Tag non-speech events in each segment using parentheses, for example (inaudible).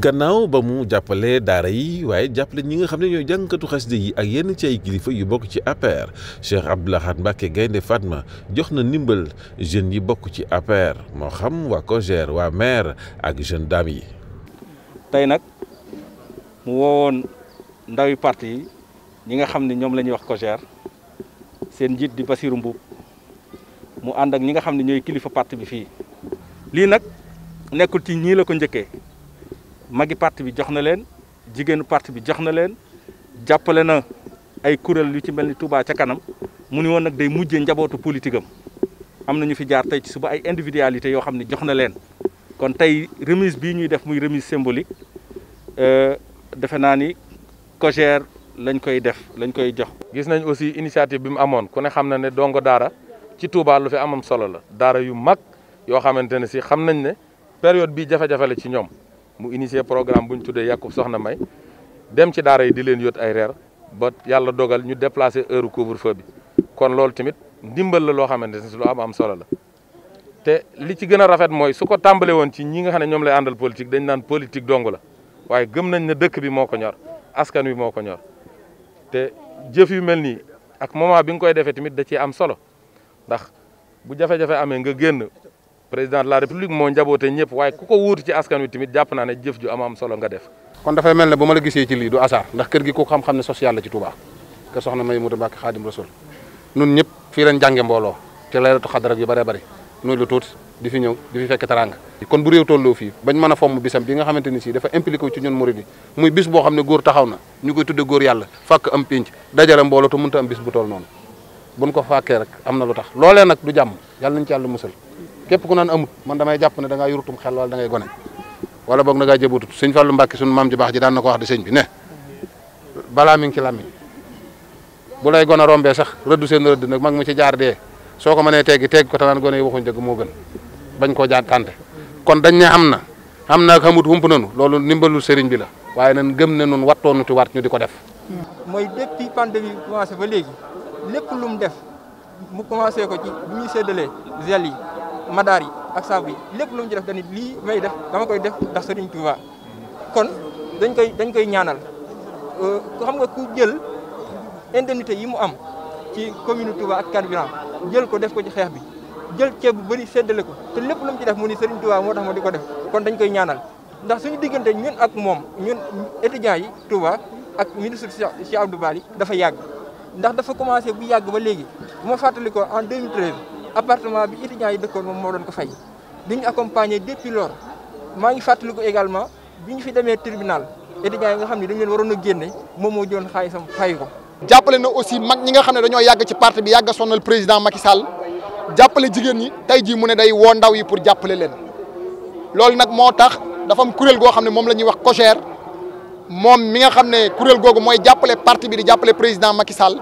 gannaaw ba mu jàppale daara yi waaye jàppale ñi nga xam ne ñooy jàngkatu xasida yi ak yenn ci ay kilifa yu bokk ci APR Cheikh Abdou Lahad Mbacké Gaynde Fatma jox na ndimbal jeunes yi bokk ci APR moo xam waa COJER waa maire ak jeune dame yi. tey nag mu woowoon ndawi parti yi ñi nga xam ne ñoom lañuy wax COJER seen njiit di Bassirou Mbuub mu ànd ak ñi nga xam ne ñooy kilifa parti bi fii lii nag nekkul ci ñii la ko njëkkee. magi parti bi jox na leen jigéenu parti bi jox na leen jàppale na ay kuréel yu ci mel ni Touba ca kanam mu ni woon nag day mujjee njabootu politique am am na ñu fi jaar tey ci suba ay individualité yoo xam ne jox na leen kon tey remise bii ñuy def muy remise symbolique euh, defe naa ni COJER lañ koy def lañ koy jox. gis nañ aussi initiative bi mu amoon ku ne xam na ne dongo daara ci Touba lu fi amam solo la daara yu mag yoo xamante ne si xam nañ ne période bii jafe la ci ñoom. mu initier programme bu ñu tuddee Yacoub Soxna May dem ci daar yi di leen yóot ay reer ba yàlla dogal ñu déplacer heure couvre-feu bi kon loolu tamit ndimbal la loo xamante ne loo am am solo la te li ci gën a rafet mooy su ko tàmbale woon ci ñi nga xam ne ñoom lay àndal politique dañ naan politique dong la waaye gëm nañ ne dëkk bi moo ko ñor askan wi moo ko ñor te jëf yu mel nii ak moment bi nga koy defee tamit da ciy am solo ndax bu jafe-jafe amee nga génn président de la république moo njaboote ñëpp waaye ku ko wuutu ci askan wi tamit jàpp naa ne jëf ju am am solo nga def. kon dafay mel ne bu ma la gisee ci lii du hasard ndax kër gi ko xam-xam ne social la ci Touba ke soxna May Mouta Mbacke Xaadim Rasul nun ñëpp fii lañ jànge mbooloo te laylatu xadar yu bare bëri nuy lu tuuti di fi ñëw di fi fekk taranga kon bu réew tolloo fii bañ mën a fomm bisam bi nga xamante ni si dafa impliqué ci ñun murid yi muy bis ne góor taxaw na ñu koy tudde góor yàlla fàkk am pénc dajale mbooloo te mënta am bis bu toll noonu buñ ko fàkkee rek am na lu tax loolee nag du jàmm yàlla nañ ci yàlla musal képp ku naan amut man damay jàpp ne da ngaa yurutum xel wala da ngay gone wala boog na ngaa jëbutut sëñ Fallou Mbacke suñu maam ji baax ji daan na ko wax di sëñ bi ne balaa mi ngi ci bu lay gone rombee sax rëddu seen rëdd nag mag mu ci jaar dee soo ko mënee teggi teggi ko te naan gone yi waxuñ dëgg moo gën bañ koo jànkante kon dañ ne am na am na ak xamut wump nanu loolu ndimbalul sëriñ bi la waaye nan gëm ne nun wattoonu ti wat ñu di ko def mooy depuis pandémie bi ba léegi lépp lu mu def mu commencé ko ci bu madaar yi ak saabu yi lépp lu mu ci def dañuy lii may def dama koy def ndax Sëriñ Tuuba kon dañ koy dañ koy ñaanal euh, xam nga ku jël indemnité yi mu am ci commune Touba ak carburant jël ko def ko ci xeex bi jël ceeb bu bëri séddale ko te lépp lu mu ci def mu ni Sëriñ Tuuba moo tax ma di ko def kon dañ koy ñaanal ndax suñu diggante ñun ak moom ñun étudiants yi Touba ak ministre Cheikh Abdou Bali dafa yàgg ndax dafa commencé bu yàgg ba léegi bu ma fàttali ko en 2013 appartement bi étudiants yi dëkkoon moom moo doon ko fay di ñu accompagner depuis lors maa ngi ko également bi ñu fi demee tribunal étudiants yi nga xam ne dañ leen waroon a génne moom moo jëloon xaalisam fay ko. jàppale na aussi mag ñi nga xam ne dañoo yàgg ci parti bi yàgg a sonal président Macky Sall jàppale jigéen ñi tey jii mu ne day woo ndaw yi pour jàppale leen loolu nag moo tax dafa am kuréel goo xam ne moom la ñuy wax COJER moom mi nga xam ne kuréel googu mooy jàppale parti bi di jàppale président Macky Sall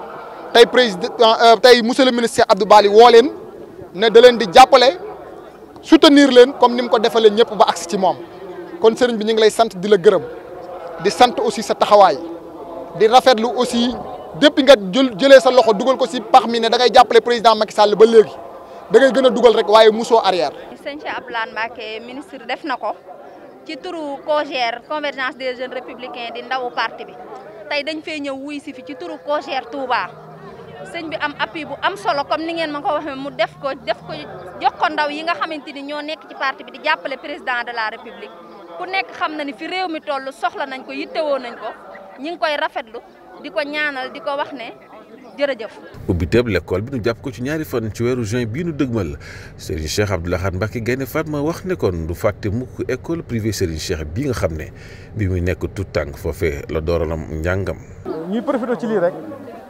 tey euh, tey monsieur le ministre Abdou Bali woo leen ne de len di jappalé soutenir len comme nim ko defalee ñep ba axe ci mom kon sëriñ bi ñu ngi lay sante di la gërëm di sante aussi sa taxawaay di rafetlu aussi depuis nga jël sa loxo duggal ko ci parmi né da ngay jappalé président Macky Sall ba légui da ngay gëna duggal rek waye musso arrière. sëñ Cheikh Abdoulaye Mbacké ministre def nako ci turu COJER convergence des jeunes républicains di ndawu parti bi tay dañ fee ñew wuy ci fi ci turu COJER Touba. sëñ bi am appui bu am solo comme ni ngeen ma ko waxee mu def ko def ko jox ko ndaw yi nga xamante ni ñoo nekk ci parti bi di jàppale président de la république ku nekk xam na ni fi réew mi toll soxla nañ ko yittewoo nañ ko ñi ngi koy rafetlu di ko ñaanal di ko wax ne jërëjëf. ubbi tëb bi nu jàpp ko ci ñaari fan ci weeru juin bii nu dëgmal Serigne Cheikh Abdou Lahad Mbacké Gaïndé Fatma wax nekkoon du fàtte mukk école privée Serigne Cheikh bi nga xam ne bi muy nekk tout tànk foofee la dooralam njàngam.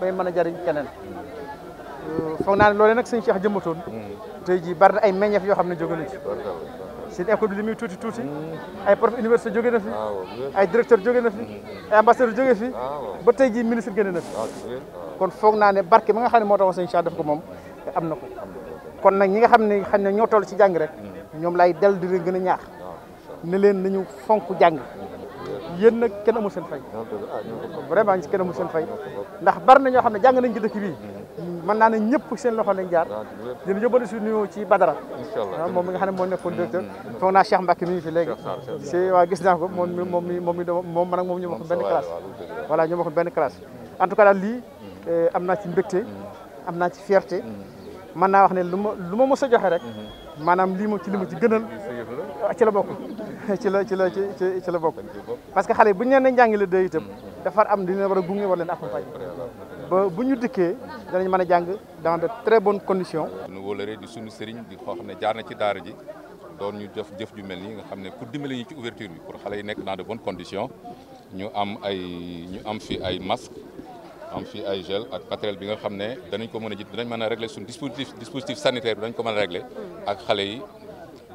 bay mën a jariñ keneen euh, foog naa ne loolee nag sëñ Cheikh jëmmatoon mm. tey jii bari na ay meññeef yoo xam ne jóge na ci seen école bi li muy tuuti tuuti mm. ay prof université joge na fi ah, ay directeur jóge na fi mm. ay ambassadeur jóge fi ah, ba tey jii ministre génne na fi ah, kon foog naa ne barke bi nga xam ne moo taxoon sëñ Cheikh def ko moom am na ko kon nag ñi nga xam ne xam ne ñoo toll ci jàng rek ñoom lay del di leen gën a ñaax ne leen nañu fonk jàng yéen nag kenn amul seen fay vraiment kenn amul seen fay ndax bari na ñoo xam ne jàng nañ ci dëkk bii mën naa ne ñëpp seen loxo lañ jaar dina yóbbal suñu nuyoo ci Badara ah, moom mi nga xam ne moo nekkoon directeur mm-hmm. foog naa Cheikh Mbacke mi ngi gis naa ko moom mi moom mi moom mi moom man ak moom ñu bokk benn classe voilà ñu bokk benn classe en lii mm-hmm. eh, am naa ci mbégte mm-hmm. am naa ci fierté mën naa wax ne lu ma lu ma mos a joxe rek maanaam lii mo ci li ma ci gënal ah, ci la bokk (laughs) ci la ci la ci ci la bokk parce que xale bu ñu leen jàngi la day itam dafa am di war a gunge war leen accompagner ba bu ñu dikkee danañ mën a jàng dans de très bonnes conditions. nu wóolare di sunu sëriñ di xoo xam ne jaar na ci daara ji doon ñu jëf jëf ju mel ni nga xam ne pour dimbali ñu ci ouverture bi pour xale yi nekk dans de bonnes conditions ñu am ay ñu am fi ay masques am fi ay gel ak matériel bi nga xam ne danañ ko mën a jit danañ mën a régler suñu dispositif dispositif sanitaire bi danañ ko mën a régler ak xale yi.